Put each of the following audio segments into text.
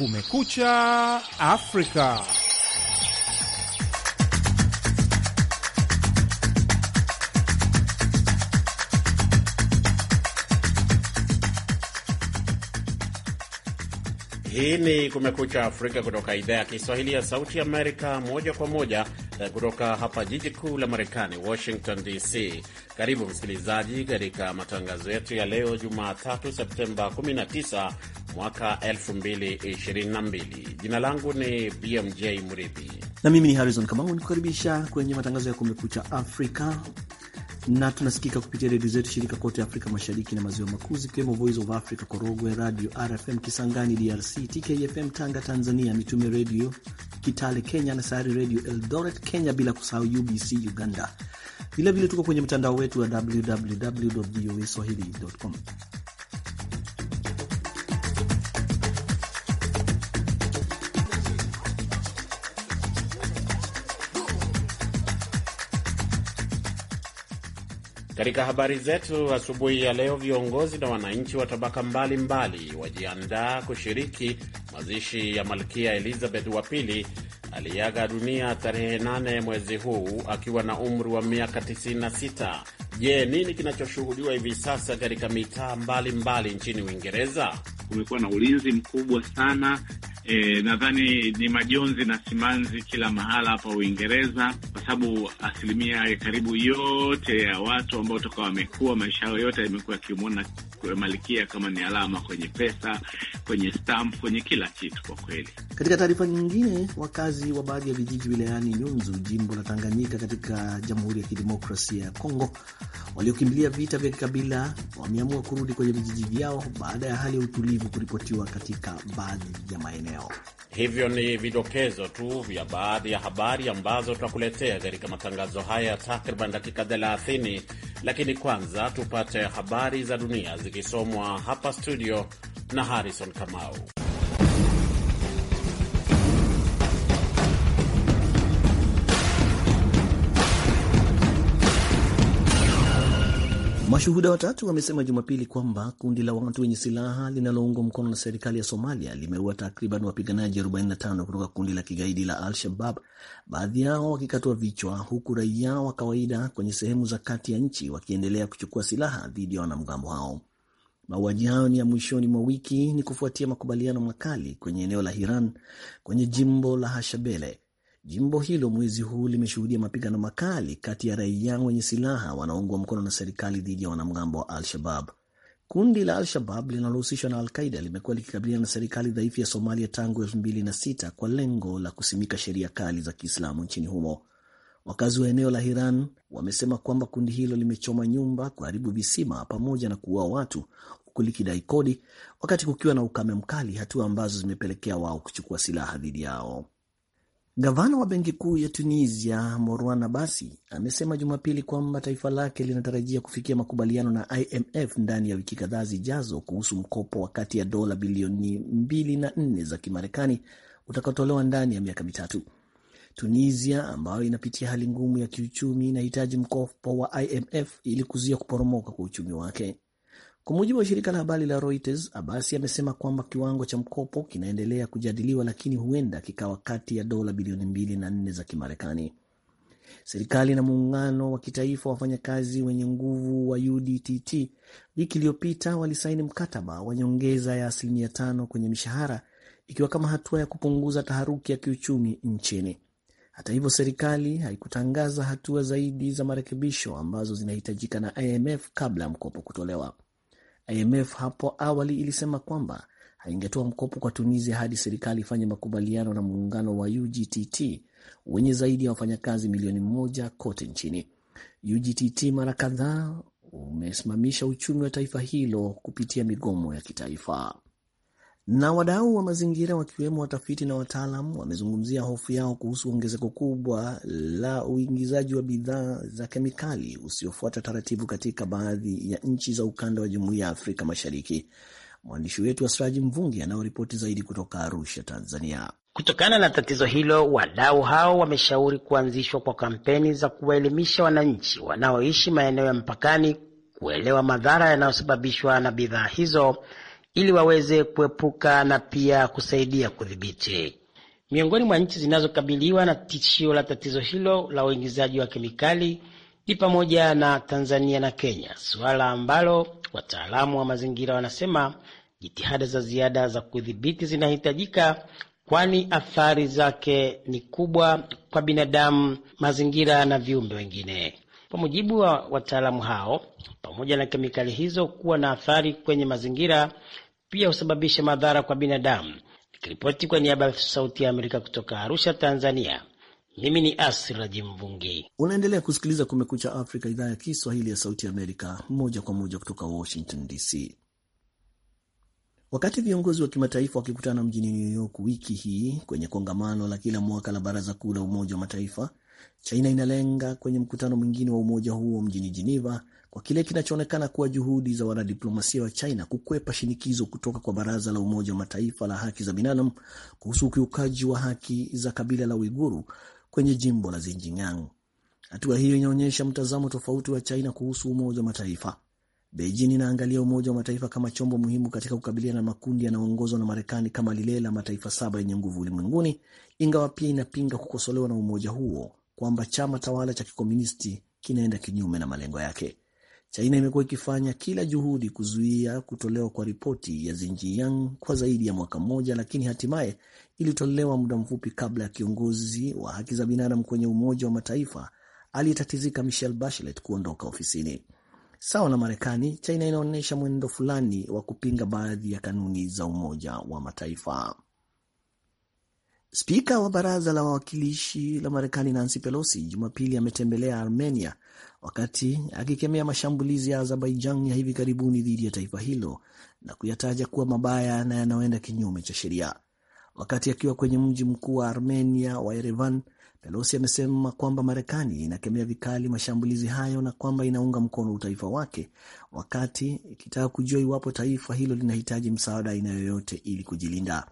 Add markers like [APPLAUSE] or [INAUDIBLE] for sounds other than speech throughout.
Kumekucha Afrika. Hii ni Kumekucha Afrika kutoka idhaa ya Kiswahili ya Sauti Amerika, moja kwa moja eh, kutoka hapa jiji kuu la Marekani, Washington DC. Karibu msikilizaji, katika matangazo yetu ya leo Jumatatu, Septemba 19 mwaka 2022. Jina langu ni BMJ Mridhi na mimi ni Harrison Kamau, nikukaribisha kwenye matangazo ya Kumekucha Afrika na tunasikika kupitia redio zetu shirika kote Afrika Mashariki na Maziwa Makuu, zikiwemo Voice of Africa Korogwe, Radio RFM Kisangani DRC, TKFM Tanga Tanzania, Mitume Redio Kitale Kenya na Sayari Redio Eldoret Kenya, bila kusahau UBC Uganda. Vilevile tuko kwenye mtandao wetu wa www voa swahili.com. Katika habari zetu asubuhi ya leo, viongozi na wananchi wa tabaka mbalimbali wajiandaa kushiriki mazishi ya Malkia Elizabeth wa pili aliyeaga dunia tarehe 8 mwezi huu akiwa na umri wa miaka 96. Je, nini kinachoshuhudiwa hivi sasa katika mitaa mbalimbali nchini Uingereza? Kumekuwa na ulinzi mkubwa sana E, nadhani ni majonzi na simanzi kila mahala hapa Uingereza, kwa sababu asilimia karibu yote ya watu ambao toka wamekuwa maisha yao yote yamekuwa yakimwona kwa malkia kama ni alama kwenye pesa, kwenye stamp, kwenye kila kitu kwa kweli. Katika taarifa nyingine, wakazi wa baadhi ya vijiji wilayani Nyunzu, jimbo la Tanganyika, katika Jamhuri ya Kidemokrasia ya Kongo, waliokimbilia vita vya kikabila wameamua kurudi kwenye vijiji vyao baada ya hali ya utulivu kuripotiwa katika baadhi ya maeneo. Hivyo ni vidokezo tu vya baadhi ya habari ambazo tutakuletea katika matangazo haya ya takriban dakika 30, lakini kwanza tupate habari za dunia zikisomwa hapa studio na Harrison Kamau. Mashuhuda watatu wamesema Jumapili kwamba kundi la watu wenye silaha linaloungwa mkono na serikali ya Somalia limeua takriban wapiganaji 45 kutoka kundi la kigaidi la Al-Shabab, baadhi yao wakikatwa vichwa, huku raia wa kawaida kwenye sehemu za kati ya nchi wakiendelea kuchukua silaha dhidi ya wanamgambo hao. Mauaji hayo ni ya mwishoni mwa wiki, ni kufuatia makubaliano makali kwenye eneo la Hiran kwenye jimbo la Hashabele. Jimbo hilo mwezi huu limeshuhudia mapigano makali kati ya raia wenye silaha wanaoungwa mkono na serikali dhidi ya wanamgambo wa Al-Shabab. Kundi la Al-Shabab linalohusishwa na Al-Qaida limekuwa likikabiliana na serikali dhaifu ya Somalia tangu 2006 kwa lengo la kusimika sheria kali za Kiislamu nchini humo. Wakazi wa eneo la Hiran wamesema kwamba kundi hilo limechoma nyumba, kuharibu visima pamoja na kuua watu, huku likidai kodi, wakati kukiwa na ukame mkali, hatua ambazo zimepelekea wao kuchukua silaha dhidi yao. Gavana wa benki kuu ya Tunisia Morwan Abasi amesema Jumapili kwamba taifa lake linatarajia kufikia makubaliano na IMF ndani ya wiki kadhaa zijazo kuhusu mkopo wa kati ya dola bilioni 2 na za Kimarekani utakaotolewa ndani ya miaka mitatu. Tunisia ambayo inapitia hali ngumu ya kiuchumi inahitaji mkopo wa IMF ili kuzuia kuporomoka kwa uchumi wake. Kwa mujibu wa shirika la habari la Reuters, Abasi amesema kwamba kiwango cha mkopo kinaendelea kujadiliwa, lakini huenda kikawa kati ya dola bilioni mbili na nne za Kimarekani. Serikali na muungano wa kitaifa wa wafanyakazi wenye nguvu wa UDTT wiki iliyopita walisaini mkataba wa nyongeza ya asilimia tano kwenye mishahara ikiwa kama hatua ya kupunguza taharuki ya kiuchumi nchini. Hata hivyo, serikali haikutangaza hatua zaidi za marekebisho ambazo zinahitajika na IMF kabla ya mkopo kutolewa. IMF hapo awali ilisema kwamba haingetoa mkopo kwa Tunisia hadi serikali ifanye makubaliano na muungano wa UGTT wenye zaidi ya wafanyakazi milioni moja kote nchini. UGTT mara kadhaa umesimamisha uchumi wa taifa hilo kupitia migomo ya kitaifa na wadau wa mazingira wakiwemo watafiti na wataalam wamezungumzia hofu yao kuhusu ongezeko kubwa la uingizaji wa bidhaa za kemikali usiofuata taratibu katika baadhi ya nchi za ukanda wa Jumuiya ya Afrika Mashariki. Mwandishi wetu Asraji Mvungi anaoripoti zaidi kutoka Arusha, Tanzania. Kutokana na tatizo hilo, wadau hao wameshauri kuanzishwa kwa kampeni za kuwaelimisha wananchi wanaoishi maeneo ya mpakani kuelewa madhara yanayosababishwa na bidhaa hizo ili waweze kuepuka na pia kusaidia kudhibiti. Miongoni mwa nchi zinazokabiliwa na tishio la tatizo hilo la uingizaji wa kemikali ni pamoja na Tanzania na Kenya, suala ambalo wataalamu wa mazingira wanasema jitihada za ziada za kudhibiti zinahitajika, kwani athari zake ni kubwa kwa binadamu, mazingira na viumbe wengine. Kwa mujibu wa wataalamu hao, pamoja na kemikali hizo kuwa na athari kwenye mazingira, pia husababisha madhara kwa binadamu. Nikiripoti kwa niaba ya Sauti ya Amerika kutoka Arusha, Tanzania. Mimi ni Asiraji Mvungi. Unaendelea kusikiliza Kumekucha Afrika, idhaa ya Kiswahili ya Sauti Amerika, moja kwa moja kutoka Washington DC. Wakati viongozi wa kimataifa wakikutana mjini New York wiki hii kwenye kongamano la kila mwaka la Baraza Kuu la Umoja wa Mataifa China inalenga kwenye mkutano mwingine wa umoja huo mjini Geneva kwa kile kinachoonekana kuwa juhudi za wanadiplomasia wa China kukwepa shinikizo kutoka kwa Baraza la Umoja wa Mataifa la Haki za Binadamu kuhusu ukiukaji wa haki za kabila la Uiguru kwenye jimbo la Xinjiang. Hatua hiyo inaonyesha mtazamo tofauti wa China kuhusu Umoja wa Mataifa. Beijing inaangalia Umoja wa Mataifa kama chombo muhimu katika kukabiliana na makundi yanayoongozwa na Marekani kama lile la mataifa saba yenye nguvu ulimwenguni, ingawa pia inapinga kukosolewa na umoja huo kwamba chama tawala cha kikomunisti kinaenda kinyume na malengo yake. China imekuwa ikifanya kila juhudi kuzuia kutolewa kwa ripoti ya Xinjiang kwa zaidi ya mwaka mmoja, lakini hatimaye ilitolewa muda mfupi kabla ya kiongozi wa haki za binadamu kwenye Umoja wa Mataifa aliyetatizika Michelle Bachelet kuondoka ofisini. Sawa na Marekani, China inaonyesha mwenendo fulani wa kupinga baadhi ya kanuni za Umoja wa Mataifa. Spika wa baraza la wawakilishi la Marekani Nancy Pelosi Jumapili ametembelea Armenia wakati akikemea mashambulizi ya Azerbaijan ya hivi karibuni dhidi ya taifa hilo na kuyataja kuwa mabaya na yanayoenda kinyume cha sheria. Wakati akiwa kwenye mji mkuu wa Armenia wa Yerevan, Pelosi amesema kwamba Marekani inakemea vikali mashambulizi hayo na kwamba inaunga mkono utaifa wake, wakati ikitaka kujua iwapo taifa hilo linahitaji msaada aina yoyote ili kujilinda.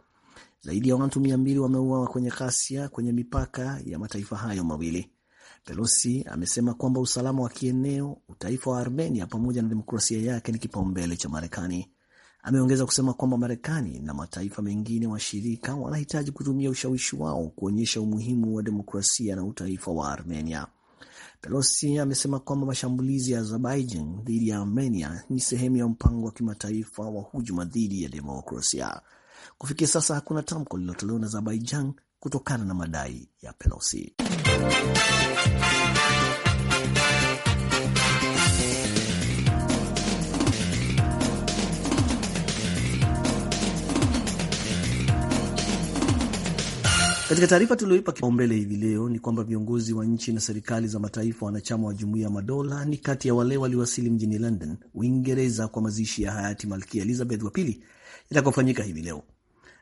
Zaidi ya watu mia mbili wameuawa kwenye ghasia kwenye mipaka ya mataifa hayo mawili. Pelosi amesema kwamba usalama wa kieneo, utaifa wa Armenia pamoja na demokrasia yake ni kipaumbele cha Marekani. Ameongeza kusema kwamba Marekani na mataifa mengine washirika wanahitaji kutumia ushawishi wao kuonyesha umuhimu wa demokrasia na utaifa wa Armenia. Pelosi amesema kwamba mashambulizi ya Azerbaijan dhidi ya Armenia ni sehemu ya mpango wa kimataifa wa hujuma dhidi ya demokrasia. Kufikia sasa hakuna tamko lililotolewa na Azerbaijan kutokana na madai ya Pelosi. Katika taarifa tulioipa kipaumbele hivi leo ni kwamba viongozi wa nchi na serikali za mataifa wanachama wa jumuiya ya madola ni kati ya wale waliowasili mjini London, Uingereza, kwa mazishi ya hayati Malkia Elizabeth wa pili yatakofanyika hivi leo.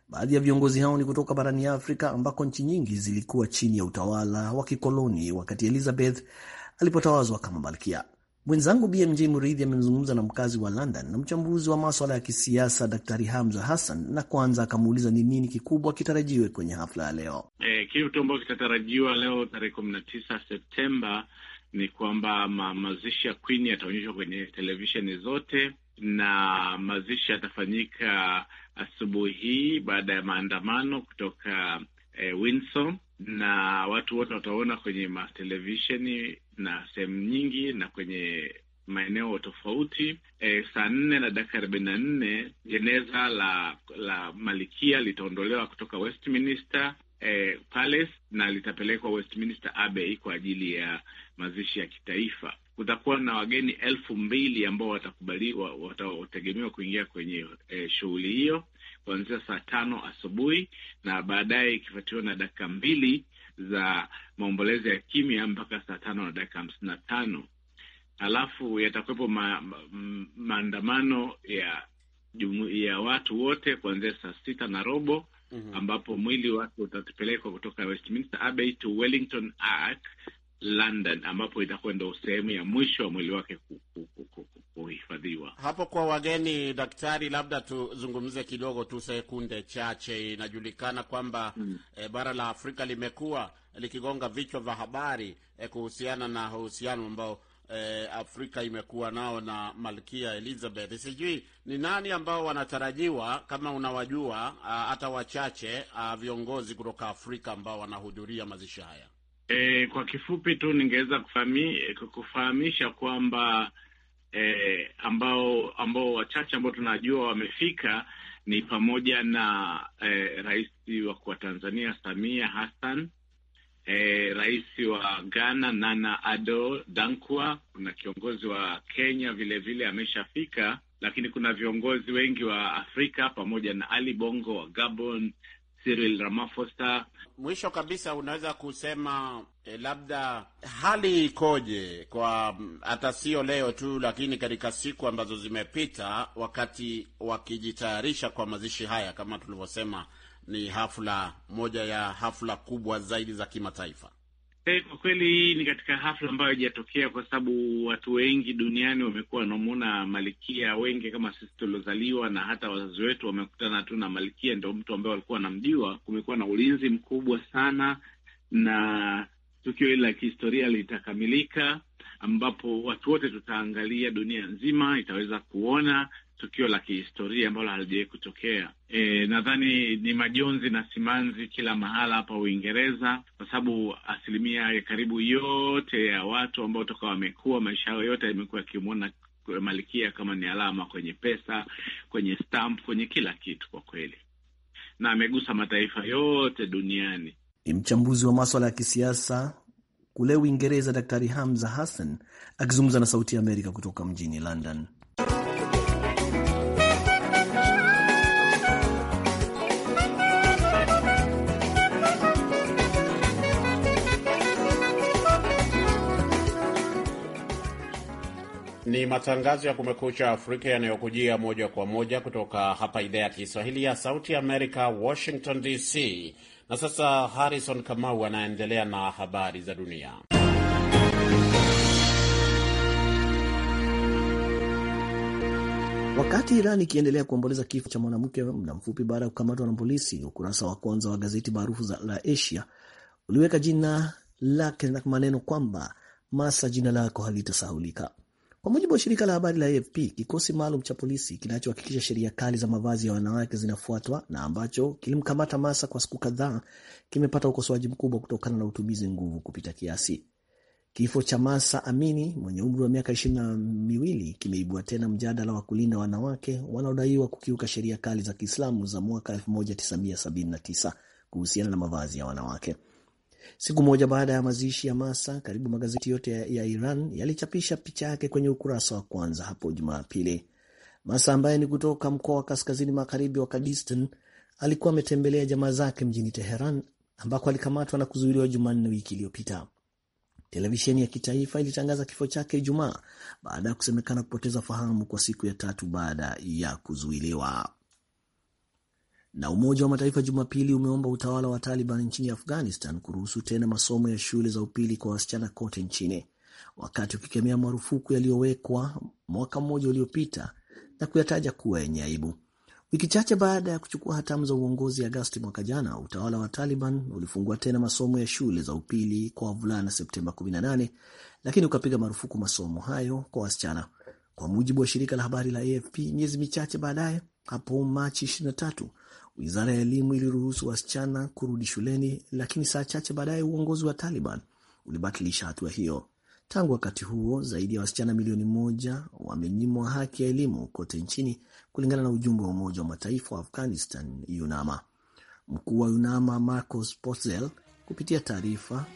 Baadhi ya viongozi hao ni kutoka barani Afrika ambako nchi nyingi zilikuwa chini ya utawala wa kikoloni wakati Elizabeth alipotawazwa kama malkia. Mwenzangu BMJ Muridhi amemzungumza na mkazi wa London na mchambuzi wa maswala ya kisiasa Daktari Hamza Hassan, na kwanza akamuuliza ni nini kikubwa kitarajiwe kwenye hafla ya leo. Eh, kitu ambacho kitatarajiwa leo tarehe kumi na tisa Septemba ni kwamba ma mazishi ya Kwini yataonyeshwa kwenye televisheni zote na mazishi yatafanyika asubuhi hii baada ya maandamano kutoka eh, Windsor na watu wote wataona kwenye matelevisheni na sehemu nyingi na kwenye maeneo tofauti. E, saa nne na dakika arobaini na nne jeneza la la malikia litaondolewa kutoka Westminster e, Palace na litapelekwa Westminster Abbey kwa ajili ya mazishi ya kitaifa kutakuwa na wageni elfu mbili ambao watakubaliwa watategemewa kuingia kwenye e, shughuli hiyo kuanzia saa tano asubuhi na baadaye ikifuatiwa na dakika mbili za maombolezo ya kimya mpaka saa tano na dakika hamsini na tano. Alafu yatakuwepo ma, ma, maandamano ya ya watu wote kuanzia saa sita na robo mhm. ambapo mwili wake utapelekwa kutoka Westminster Abbey to Wellington Ark London ambapo itakuwa ndo sehemu ya mwisho wa mwili wake kuhifadhiwa hapo. Kwa wageni, daktari, labda tuzungumze kidogo tu sekunde chache. Inajulikana kwamba mm, e, bara la Afrika limekuwa likigonga vichwa vya habari e, kuhusiana na uhusiano ambao e, Afrika imekuwa nao na Malkia Elizabeth. Sijui ni nani ambao wanatarajiwa, kama unawajua hata wachache a, viongozi kutoka Afrika ambao wanahudhuria mazishi haya. E, kwa kifupi tu ningeweza kufahamisha kwamba e, ambao ambao wachache ambao tunajua wamefika ni pamoja na e, rais wa Tanzania Samia Hassan e, rais wa Ghana Nana Addo Dankwa. Kuna kiongozi wa Kenya vilevile ameshafika, lakini kuna viongozi wengi wa Afrika pamoja na Ali Bongo wa Gabon Cyril Ramaphosa. Mwisho kabisa, unaweza kusema e, labda hali ikoje kwa mm, hata sio leo tu, lakini katika siku ambazo zimepita, wakati wakijitayarisha kwa mazishi haya, kama tulivyosema, ni hafla moja ya hafla kubwa zaidi za kimataifa. Hey, kwa kweli hii ni katika hafla ambayo haijatokea kwa sababu watu wengi duniani wamekuwa wanamuona malkia, wengi kama sisi tuliozaliwa na hata wazazi wetu wamekutana tu na malkia, ndio mtu ambaye walikuwa wanamjua. Kumekuwa na ulinzi mkubwa sana, na tukio hili la kihistoria litakamilika ambapo watu wote tutaangalia, dunia nzima itaweza kuona tukio la kihistoria ambalo halijawahi kutokea. E, nadhani ni majonzi na simanzi kila mahala hapa Uingereza, kwa sababu asilimia ya karibu yote ya watu ambao toka wamekuwa maisha yao yote yamekuwa yakimwona Malkia kama ni alama kwenye pesa, kwenye stamp, kwenye kila kitu kwa kweli, na amegusa mataifa yote duniani. Ni mchambuzi wa maswala ya kisiasa kule Uingereza, Daktari Hamza Hassan akizungumza na Sauti ya Amerika kutoka mjini London. Ni matangazo ya Kumekucha Afrika yanayokujia moja kwa moja kutoka hapa idhaa ya Kiswahili ya Sauti Amerika, Washington DC. Na sasa Harrison Kamau anaendelea na habari za dunia. Wakati Iran ikiendelea kuomboleza kifo cha mwanamke muda mfupi baada ya kukamatwa na polisi, ukurasa wa kwanza wa gazeti maarufu la Asia uliweka jina lake na maneno kwamba Masa, jina lako halitasahulika. Kwa mujibu wa shirika la habari la AFP, kikosi maalum cha polisi kinachohakikisha sheria kali za mavazi ya wanawake zinafuatwa na ambacho kilimkamata Masa kwa siku kadhaa kimepata ukosoaji mkubwa kutokana na utumizi nguvu kupita kiasi. Kifo cha Masa Amini mwenye umri wa miaka ishirini na miwili kimeibua tena mjadala wa kulinda wanawake wanaodaiwa kukiuka sheria kali za Kiislamu za mwaka 1979 kuhusiana na mavazi ya wanawake. Siku moja baada ya mazishi ya Masa, karibu magazeti yote ya Iran yalichapisha picha yake kwenye ukurasa wa kwanza hapo Jumapili. Masa ambaye ni kutoka mkoa wa kaskazini magharibi wa Kurdistan alikuwa ametembelea jamaa zake mjini Teheran ambako alikamatwa na kuzuiliwa Jumanne wiki iliyopita. Televisheni ya kitaifa ilitangaza kifo chake Ijumaa baada ya kusemekana kupoteza fahamu kwa siku ya tatu baada ya kuzuiliwa. Na Umoja wa Mataifa Jumapili umeomba utawala wa Taliban nchini Afghanistan kuruhusu tena masomo ya shule za upili kwa wasichana kote nchini, wakati ukikemea marufuku yaliyowekwa mwaka mmoja uliopita na kuyataja kuwa yenye aibu. Wiki chache baada ya kuchukua hatamu za uongozi Agosti mwaka jana, utawala wa Taliban ulifungua tena masomo ya shule za upili kwa wavulana Septemba 18, lakini ukapiga marufuku masomo hayo kwa wasichana, kwa mujibu wa shirika la habari la AFP. Miezi michache baadaye, hapo Machi 23, Wizara ya elimu iliruhusu wasichana kurudi shuleni, lakini saa chache baadaye uongozi wa Taliban ulibatilisha hatua hiyo. Tangu wakati huo zaidi ya wasichana milioni moja wamenyimwa haki ya elimu kote nchini, kulingana na ujumbe wa Umoja wa Mataifa wa Afghanistan, YUNAMA. Mkuu wa YUNAMA Marcos Posel, kupitia taarifa,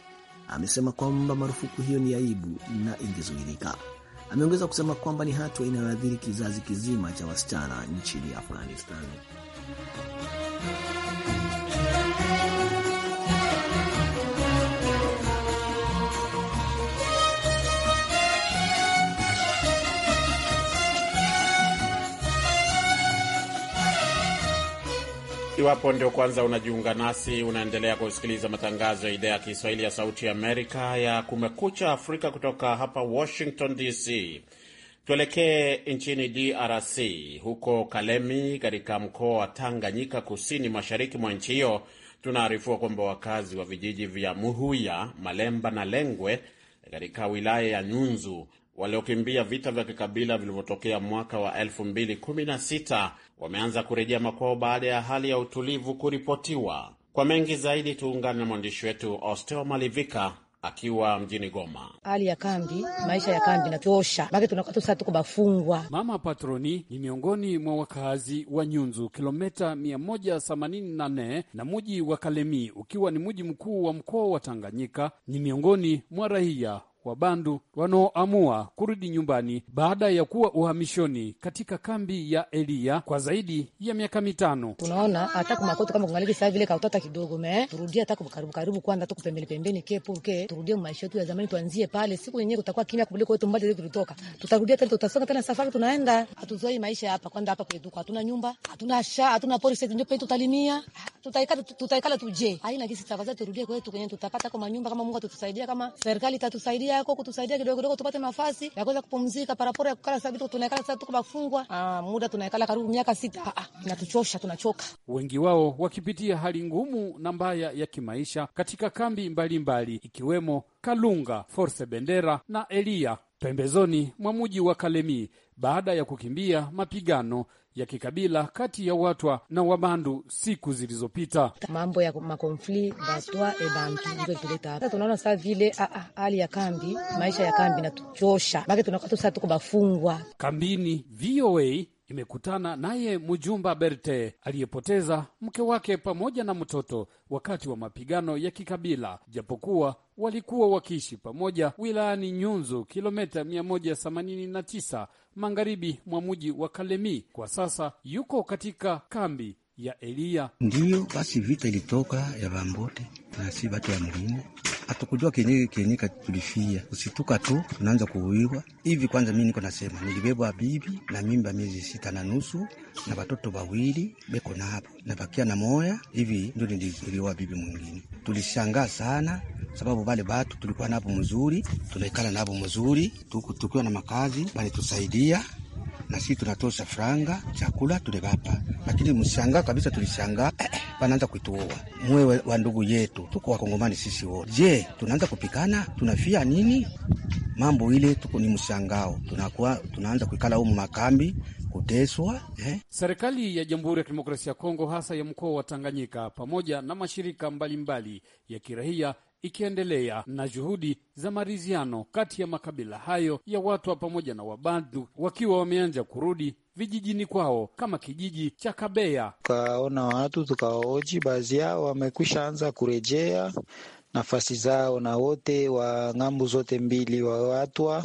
amesema kwamba marufuku hiyo ni aibu na ingezuilika. Ameongeza kusema kwamba ni hatua inayoathiri kizazi kizima cha wasichana nchini Afghanistan. Iwapo ndio kwanza unajiunga nasi, unaendelea kusikiliza matangazo ya idhaa ya Kiswahili ya Sauti ya Amerika ya Kumekucha Afrika kutoka hapa Washington DC. Tuelekee nchini DRC, huko Kalemi katika mkoa wa Tanganyika, kusini mashariki mwa nchi hiyo. tunaarifua kwamba wakazi wa vijiji vya Muhuya, Malemba na Lengwe katika wilaya ya Nyunzu waliokimbia vita vya kikabila vilivyotokea mwaka wa 2016 wameanza kurejea makwao baada ya hali ya utulivu kuripotiwa. Kwa mengi zaidi, tuungane na mwandishi wetu Osteo Malivika akiwa mjini Goma. Hali ya kambi, maisha ya kambi inatosha, baki tunakata sasa, tuko bafungwa. Mama Patroni ni miongoni mwa wakaazi wa Nyunzu, kilometa 184 na muji wa Kalemi, ukiwa ni muji mkuu wa mkoa wa Tanganyika. Ni miongoni mwa raia wa Bandu wanaoamua kurudi nyumbani baada ya kuwa uhamishoni katika kambi ya Elia kwa zaidi ya miaka mitano. Tunaona hata kumakoto kama kungaliki saa vile kidogo me turudie hata karibu, kwanza kupembeni pembeni turudie maisha yetu ya zamani, tuanzie pale. Siku yenyewe kutakuwa kimya kuliko wetu mbali tulitoka, tutarudia tena, tutasonga tena safari, tunaenda hatuzoi maisha hapa. Kwanza hapa kwetu hatuna nyumba, hatuna sha, hatuna polisi, ndio tutalimia, tutaikala tutaikala tuje aina kisi tafadhali, turudie kwetu kwenye tutapata kwa manyumba, kama Mungu atatusaidia, kama serikali itatusaidia yako kutusaidia kidogo kidogo tupate nafasi ya kuweza kupumzika. Parapora ya kukala sasa, tunaekala tunaikala sasa, tuko mafungwa ah, muda tunaikala karibu miaka sita. Ah, ah, inatuchosha, tunachoka. Wengi wao wakipitia hali ngumu na mbaya ya kimaisha katika kambi mbalimbali mbali, ikiwemo Kalunga, Force Bendera na Elia pembezoni mwa mji wa Kalemi baada ya kukimbia mapigano ya kikabila kati ya Watwa na Wabandu siku zilizopita. Mambo ya makonfli Batwa e Bantu ndio tuleta hapa. Tunaona saa vile hali ya kambi, maisha ya kambi natuchosha, make tunakuwa sasa tuko bafungwa kambini. VOA imekutana naye Mujumba Berte aliyepoteza mke wake pamoja na mtoto wakati wa mapigano ya kikabila, japokuwa walikuwa wakiishi pamoja wilayani Nyunzu, kilometa 189 magharibi mwa muji wa Kalemi. Kwa sasa yuko katika kambi ya Eliya. Ndiyo basi vita ilitoka ya vambote si vatu ya mlimo hatukujua kenye kenye katulifia usituka tu tunaanza kuuiwa hivi. Kwanza mimi niko nasema nilibebwa bibi na mimba miezi sita na nusu na watoto wawili beko na hapo na bakia na moya hivi, ndio nilizuliwa bibi mwingine. Tulishangaa sana sababu bale batu tulikuwa navo mzuri, tunaikala navo mzuri, tukiwa na makazi tusaidia na sisi tunatosha franga chakula tulivapa, lakini mshanga kabisa tulishanga [CLEARS THROAT] wanaanza eh, mwe wa ndugu yetu, tuko wakongomani sisi wote. Je, tunaanza kupikana? Tunafia nini? mambo ile tuko ni mshangao, tunakuwa tunaanza kuikala huko makambi kuteswa eh. Serikali ya Jamhuri ya Kidemokrasia ya Kongo hasa ya mkoa wa Tanganyika pamoja na mashirika mbalimbali mbali ya kirahia ikiendelea na juhudi za maridhiano kati ya makabila hayo ya Watwa pamoja na Wabantu wakiwa wameanza kurudi vijijini kwao kama kijiji cha Kabea. Tukaona watu tukawaoji, baadhi yao wamekwisha anza kurejea nafasi zao, na wote wa ng'ambo zote mbili wa Watwa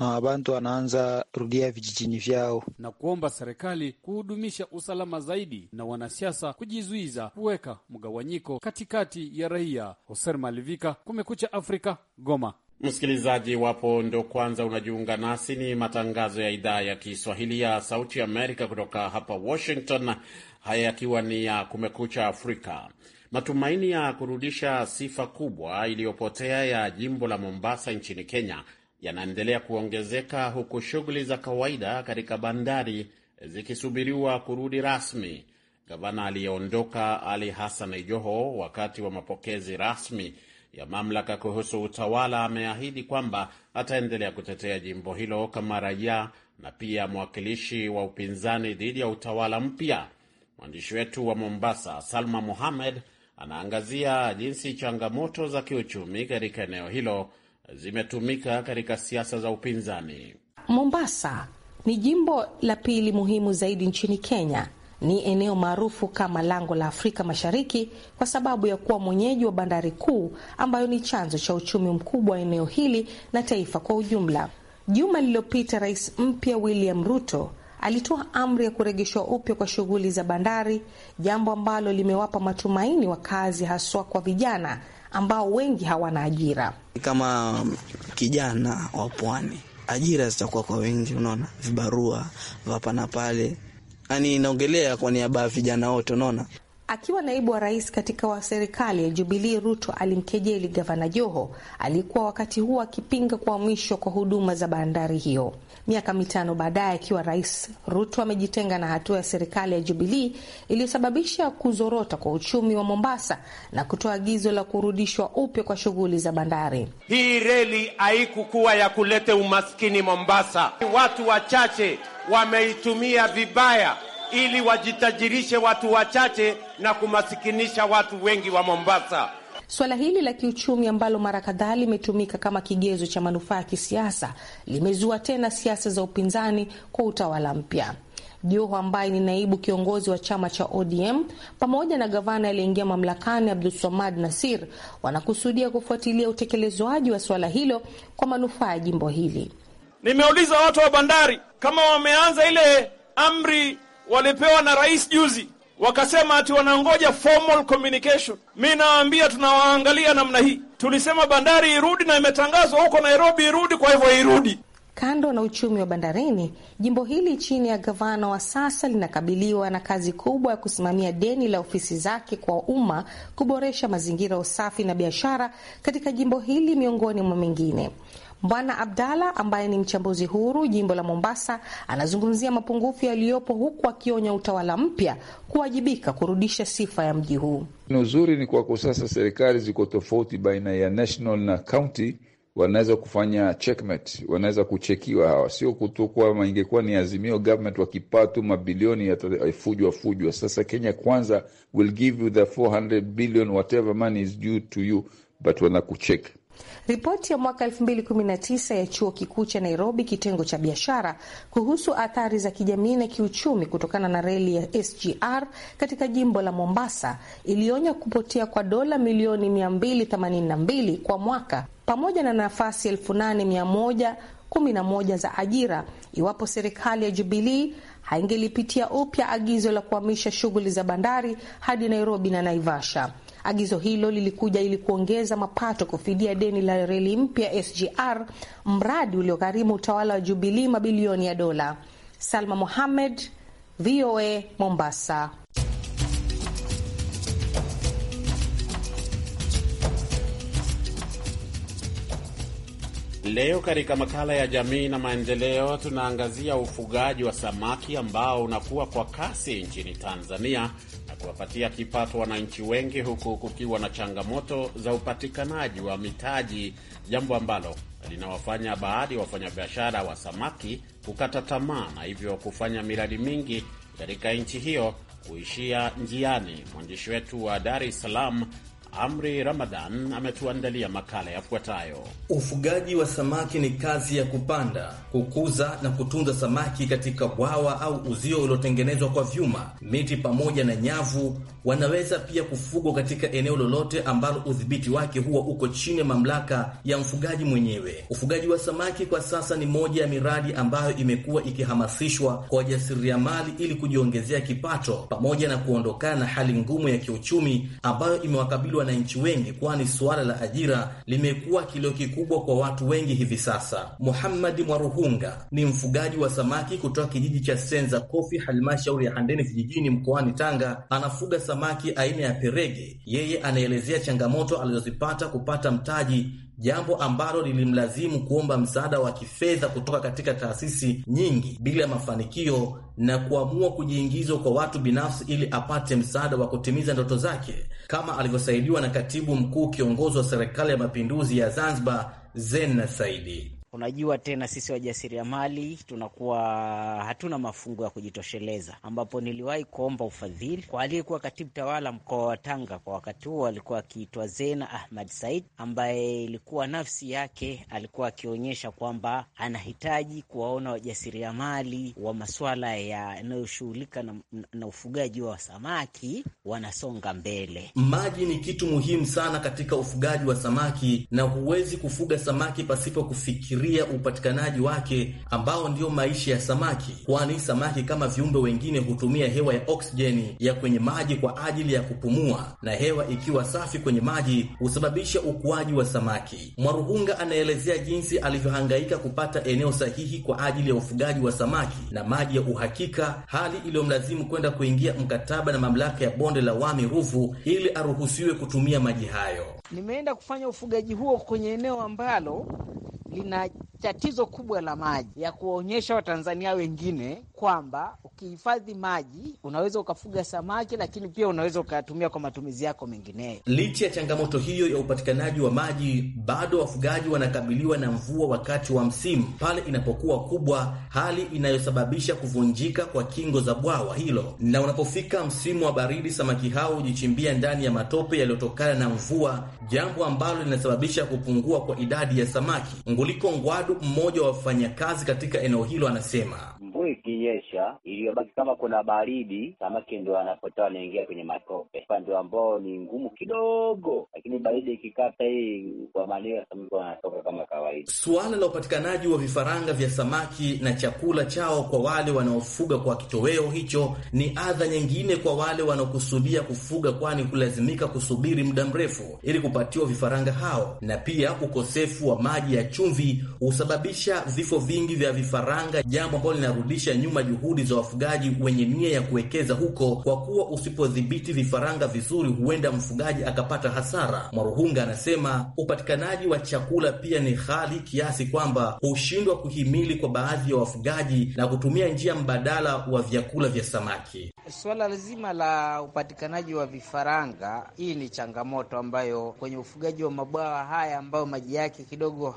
na wabantu wanaanza rudia vijijini vyao na kuomba serikali kuhudumisha usalama zaidi na wanasiasa kujizuiza kuweka mgawanyiko katikati ya raia. Hoser Malivika, Kumekucha Afrika, Goma. Msikilizaji, iwapo ndo kwanza unajiunga nasi, ni matangazo ya idhaa ya Kiswahili ya Sauti Amerika kutoka hapa Washington, haya yakiwa ni ya Kumekucha Afrika. Matumaini ya kurudisha sifa kubwa iliyopotea ya jimbo la Mombasa nchini Kenya yanaendelea kuongezeka huku shughuli za kawaida katika bandari zikisubiriwa kurudi rasmi. Gavana aliyeondoka Ali Hassan Joho, wakati wa mapokezi rasmi ya mamlaka kuhusu utawala, ameahidi kwamba ataendelea kutetea jimbo hilo kama raia na pia mwakilishi wa upinzani dhidi ya utawala mpya. Mwandishi wetu wa Mombasa, Salma Mohamed, anaangazia jinsi changamoto za kiuchumi katika eneo hilo zimetumika katika siasa za upinzani. Mombasa ni jimbo la pili muhimu zaidi nchini Kenya. Ni eneo maarufu kama lango la Afrika Mashariki kwa sababu ya kuwa mwenyeji wa bandari kuu ambayo ni chanzo cha uchumi mkubwa wa eneo hili na taifa kwa ujumla. Juma lililopita, rais mpya William Ruto alitoa amri ya kurejeshwa upya kwa shughuli za bandari, jambo ambalo limewapa matumaini wakazi, haswa kwa vijana ambao wengi hawana ajira. Kama kijana wa pwani, ajira zitakuwa kwa wengi, unaona, vibarua vapa na pale, yaani inaongelea kwa niaba ya vijana wote, unaona. Akiwa naibu wa rais katika wa serikali ya Jubilii, Ruto alimkejeli gavana Joho aliyekuwa wakati huo akipinga kuhamishwa kwa huduma za bandari hiyo. Miaka mitano baadaye, akiwa rais, Ruto amejitenga na hatua ya serikali ya Jubilii iliyosababisha kuzorota kwa uchumi wa Mombasa na kutoa agizo la kurudishwa upya kwa shughuli za bandari. Hii reli haikukuwa ya kuleta umaskini Mombasa, watu wachache wameitumia vibaya ili wajitajirishe watu wachache na kumasikinisha watu wengi wa Mombasa. swala hili la kiuchumi ambalo mara kadhaa limetumika kama kigezo cha manufaa ya kisiasa limezua tena siasa za upinzani kwa utawala mpya. Joho ambaye ni naibu kiongozi wa chama cha ODM pamoja na gavana aliyeingia mamlakani Abdulswamad Nasir wanakusudia kufuatilia utekelezwaji wa swala hilo kwa manufaa ya jimbo hili. Nimeuliza watu wa bandari kama wameanza ile amri walipewa na rais juzi, wakasema ati wanangoja formal communication. Mi nawaambia tunawaangalia namna hii. Tulisema bandari irudi, na imetangazwa huko Nairobi irudi, kwa hivyo irudi. Kando na uchumi wa bandarini, jimbo hili chini ya gavana wa sasa linakabiliwa na kazi kubwa ya kusimamia deni la ofisi zake kwa umma, kuboresha mazingira ya usafi na biashara katika jimbo hili, miongoni mwa mengine. Bwana Abdalla ambaye ni mchambuzi huru jimbo la Mombasa anazungumzia mapungufu yaliyopo, huku akionya utawala mpya kuwajibika kurudisha sifa ya mji huu. Uzuri ni kwako sasa serikali ziko tofauti baina ya national na county, wanaweza kufanya checkmate, wanaweza kuchekiwa hawa, sio kutukwa. Ingekuwa ni azimio government wakipaa tu mabilioni yatafujwa eh, fujwa. Sasa Kenya Kwanza will give you the 400 billion whatever money is due to you but wanakucheki Ripoti ya mwaka 2019 ya chuo kikuu cha Nairobi kitengo cha biashara kuhusu athari za kijamii na kiuchumi kutokana na reli ya SGR katika jimbo la Mombasa ilionya kupotea kwa dola milioni 282 kwa mwaka pamoja na nafasi 8111 za ajira iwapo serikali ya Jubilii haingelipitia upya agizo la kuhamisha shughuli za bandari hadi Nairobi na Naivasha. Agizo hilo lilikuja ili kuongeza mapato kufidia deni la reli mpya SGR, mradi uliogharimu utawala wa Jubilii mabilioni ya dola. Salma Mohamed, VOA, Mombasa. Leo katika makala ya jamii na maendeleo tunaangazia ufugaji wa samaki ambao unakuwa kwa kasi nchini Tanzania na kuwapatia kipato wananchi wengi huku kukiwa na changamoto za upatikanaji wa mitaji, jambo ambalo linawafanya baadhi ya wafanyabiashara wa samaki kukata tamaa na hivyo kufanya miradi mingi katika nchi hiyo kuishia njiani. Mwandishi wetu wa Dar es Salaam Amri Ramadan ametuandalia makala yafuatayo. Ufugaji wa samaki ni kazi ya kupanda, kukuza na kutunza samaki katika bwawa au uzio uliotengenezwa kwa vyuma, miti pamoja na nyavu. Wanaweza pia kufugwa katika eneo lolote ambalo udhibiti wake huwa uko chini ya mamlaka ya mfugaji mwenyewe. Ufugaji wa samaki kwa sasa ni moja ya miradi ambayo imekuwa ikihamasishwa kwa wajasiriamali ili kujiongezea kipato pamoja na kuondokana na hali ngumu ya kiuchumi ambayo imewakabili wananchi wengi, kwani suala la ajira limekuwa kilio kikubwa kwa watu wengi hivi sasa. Muhammad Mwaruhunga ni mfugaji wa samaki kutoka kijiji cha Senza Kofi, halmashauri ya Handeni vijijini, mkoani Tanga. Anafuga samaki aina ya perege. Yeye anaelezea changamoto alizozipata kupata mtaji jambo ambalo lilimlazimu kuomba msaada wa kifedha kutoka katika taasisi nyingi bila mafanikio na kuamua kujiingizwa kwa watu binafsi ili apate msaada wa kutimiza ndoto zake, kama alivyosaidiwa na katibu mkuu kiongozi wa serikali ya mapinduzi ya Zanzibar, Zena Saidi. Unajua tena sisi wajasiriamali tunakuwa hatuna mafungo ya kujitosheleza, ambapo niliwahi kuomba ufadhili kwa aliyekuwa katibu tawala mkoa wa Tanga kwa wakati huo, alikuwa akiitwa Zena Ahmad Said, ambaye ilikuwa nafsi yake alikuwa akionyesha kwamba anahitaji kuwaona wajasiriamali wa masuala yanayoshughulika na, na ufugaji wa samaki wanasonga mbele. Maji ni kitu muhimu sana katika ufugaji wa samaki na huwezi kufuga samaki pasipo kufikiri kuashiria upatikanaji wake ambao ndiyo maisha ya samaki, kwani samaki kama viumbe wengine hutumia hewa ya oksijeni ya kwenye maji kwa ajili ya kupumua, na hewa ikiwa safi kwenye maji husababisha ukuaji wa samaki. Mwaruhunga anaelezea jinsi alivyohangaika kupata eneo sahihi kwa ajili ya ufugaji wa samaki na maji ya uhakika, hali iliyomlazimu kwenda kuingia mkataba na mamlaka ya bonde la Wami Ruvu ili aruhusiwe kutumia maji hayo. Nimeenda kufanya ufugaji huo kwenye eneo ambalo lina tatizo kubwa la maji ya kuwaonyesha Watanzania wengine kwamba ukihifadhi maji unaweza ukafuga samaki, lakini pia unaweza ukayatumia kwa matumizi yako mengineyo. Licha ya changamoto hiyo ya upatikanaji wa maji, bado wafugaji wanakabiliwa na mvua wakati wa msimu pale inapokuwa kubwa, hali inayosababisha kuvunjika kwa kingo za bwawa hilo, na unapofika msimu wa baridi, samaki hao hujichimbia ndani ya matope yaliyotokana na mvua, jambo ambalo linasababisha kupungua kwa idadi ya samaki. Nguliko Ngwadu, mmoja wa wafanyakazi katika eneo hilo, anasema Mvua ikinyesha iliyobaki, kama kuna baridi, samaki ndio anapotea, anaingia kwenye matope, ndio ambao ni ngumu kidogo, lakini baridi ikikata hii, kwa maana samaki wanatoka kama kawaida. Suala la upatikanaji wa vifaranga vya samaki na chakula chao kwa wale wanaofuga kwa kitoweo hicho ni adha nyingine kwa wale wanaokusudia kufuga, kwani kulazimika kusubiri muda mrefu ili kupatiwa vifaranga hao, na pia ukosefu wa maji ya chumvi husababisha vifo vingi vya vifaranga, jambo ambalo kurudisha nyuma juhudi za wafugaji wenye nia ya kuwekeza huko, kwa kuwa usipodhibiti vifaranga vizuri, huenda mfugaji akapata hasara. Mwaruhunga anasema upatikanaji wa chakula pia ni ghali kiasi kwamba hushindwa kuhimili kwa baadhi ya wafugaji na kutumia njia mbadala wa vyakula vya samaki. swala lazima la upatikanaji wa vifaranga, hii ni changamoto ambayo kwenye ufugaji wa mabwawa haya ambayo maji yake kidogo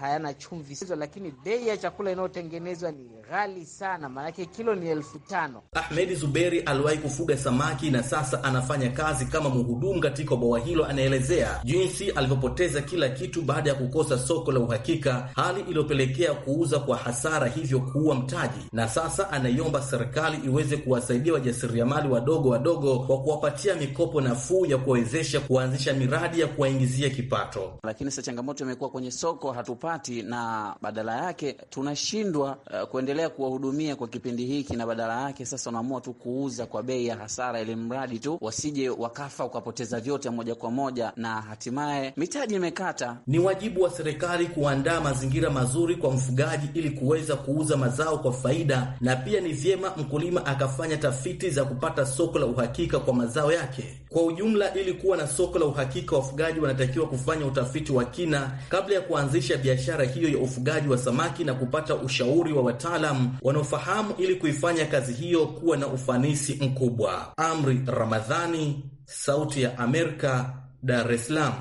hayana chumvi, lakini bei ya chakula inayotengenezwa ni ghali sana, maanake kilo ni elfu tano. Ahmedi Zuberi aliwahi kufuga samaki na sasa anafanya kazi kama mhudumu katika bwawa hilo. Anaelezea jinsi alivyopoteza kila kitu baada ya kukosa soko la uhakika, hali iliyopelekea kuuza kwa hasara, hivyo kuua mtaji, na sasa anaiomba serikali iweze kuwasaidia wajasiriamali wadogo wadogo kwa kuwapatia mikopo nafuu ya kuwawezesha kuanzisha miradi ya kuwaingizia kipato. Lakini sasa changamoto imekuwa kwenye soko hatupati, na badala yake tunashindwa uh, kuendelea kuwa kuhudumia kwa kipindi hiki, na badala yake sasa unaamua tu kuuza kwa bei ya hasara, ili mradi tu wasije wakafa ukapoteza vyote moja kwa moja, na hatimaye mitaji imekata. Ni wajibu wa serikali kuandaa mazingira mazuri kwa mfugaji ili kuweza kuuza mazao kwa faida, na pia ni vyema mkulima akafanya tafiti za kupata soko la uhakika kwa mazao yake. Kwa ujumla, ili kuwa na soko la uhakika, wafugaji wanatakiwa kufanya utafiti wa kina kabla ya kuanzisha biashara hiyo ya ufugaji wa samaki na kupata ushauri wa wataalam wanaofahamu ili kuifanya kazi hiyo kuwa na ufanisi mkubwa. Amri Ramadhani, Sauti ya Amerika, Dar es Salaam.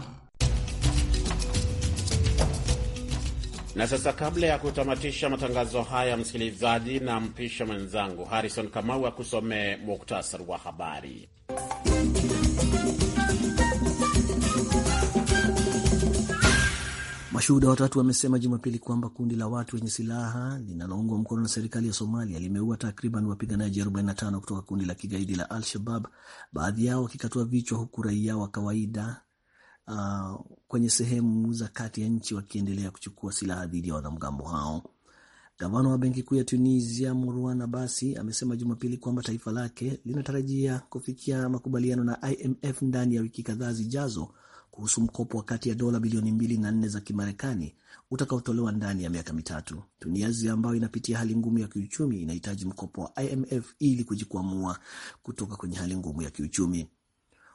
Na sasa kabla ya kutamatisha matangazo haya, msikilizaji, na mpisha mwenzangu Harrison Kamau akusomee muktasari wa habari. Mashuhuda watatu wamesema Jumapili kwamba kundi la watu wenye silaha linaloungwa mkono na serikali ya Somalia limeua takriban wapiganaji 45 kutoka kundi la kigaidi la Al-Shabab, baadhi yao wakikatwa vichwa, huku raia wa kawaida uh, kwenye sehemu za kati ya nchi wakiendelea kuchukua silaha dhidi ya wanamgambo hao. Gavana wa benki kuu ya Tunisia mruana Basi amesema Jumapili kwamba taifa lake linatarajia kufikia makubaliano na IMF ndani ya wiki kadhaa zijazo kuhusu mkopo wa kati ya dola bilioni mbili na nne za Kimarekani utakaotolewa ndani ya miaka mitatu. Tunisia ambayo inapitia hali ngumu ya kiuchumi inahitaji mkopo wa IMF ili kujikwamua kutoka kwenye hali ngumu ya kiuchumi.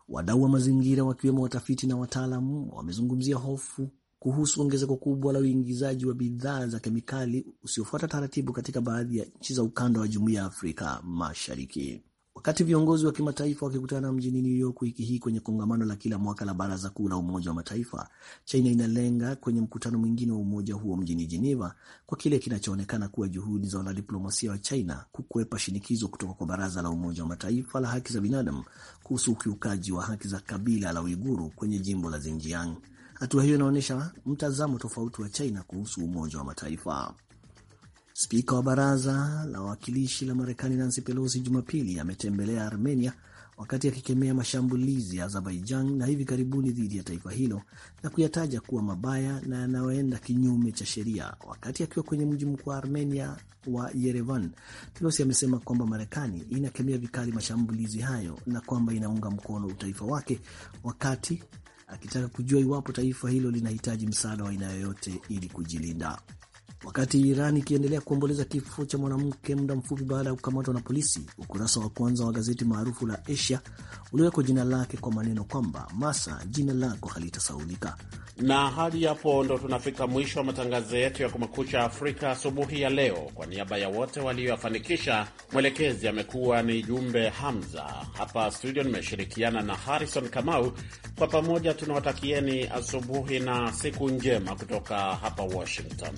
Wadau wa mazingira wakiwemo watafiti na wataalam wamezungumzia hofu kuhusu ongezeko kubwa la uingizaji wa bidhaa za kemikali usiofuata taratibu katika baadhi ya nchi za ukanda wa Jumuiya ya Afrika Mashariki. Wakati viongozi wa kimataifa wakikutana mjini New York wiki hii kwenye kongamano la kila mwaka la Baraza Kuu la Umoja wa Mataifa, China inalenga kwenye mkutano mwingine wa umoja huo mjini Geneva kwa kile kinachoonekana kuwa juhudi za wanadiplomasia wa China kukwepa shinikizo kutoka kwa Baraza la Umoja wa Mataifa la Haki za Binadamu kuhusu ukiukaji wa haki za kabila la Uiguru kwenye jimbo la Xinjiang. Hatua hiyo inaonyesha mtazamo tofauti wa China kuhusu Umoja wa Mataifa. Spika wa baraza la wawakilishi la Marekani Nancy Pelosi Jumapili ametembelea Armenia wakati akikemea mashambulizi ya Azerbaijan na hivi karibuni dhidi ya taifa hilo na kuyataja kuwa mabaya na yanayoenda kinyume cha sheria. Wakati akiwa kwenye mji mkuu wa Armenia wa Yerevan, Pelosi amesema kwamba Marekani inakemea vikali mashambulizi hayo na kwamba inaunga mkono utaifa wake, wakati akitaka kujua iwapo taifa hilo linahitaji msaada wa aina yoyote ili kujilinda. Wakati Iran ikiendelea kuomboleza kifo cha mwanamke muda mfupi baada ya kukamatwa na polisi, ukurasa wa kwanza wa gazeti maarufu la Asia uliwekwa jina lake kwa maneno kwamba Masa, jina lako halitasaulika. Na hadi hapo ndo tunafika mwisho wa matangazo yetu ya Kumekucha Afrika asubuhi ya leo. Kwa niaba ya wote walioyafanikisha, mwelekezi amekuwa ni Jumbe Hamza, hapa studio nimeshirikiana na Harrison Kamau. Kwa pamoja tunawatakieni asubuhi na siku njema kutoka hapa Washington.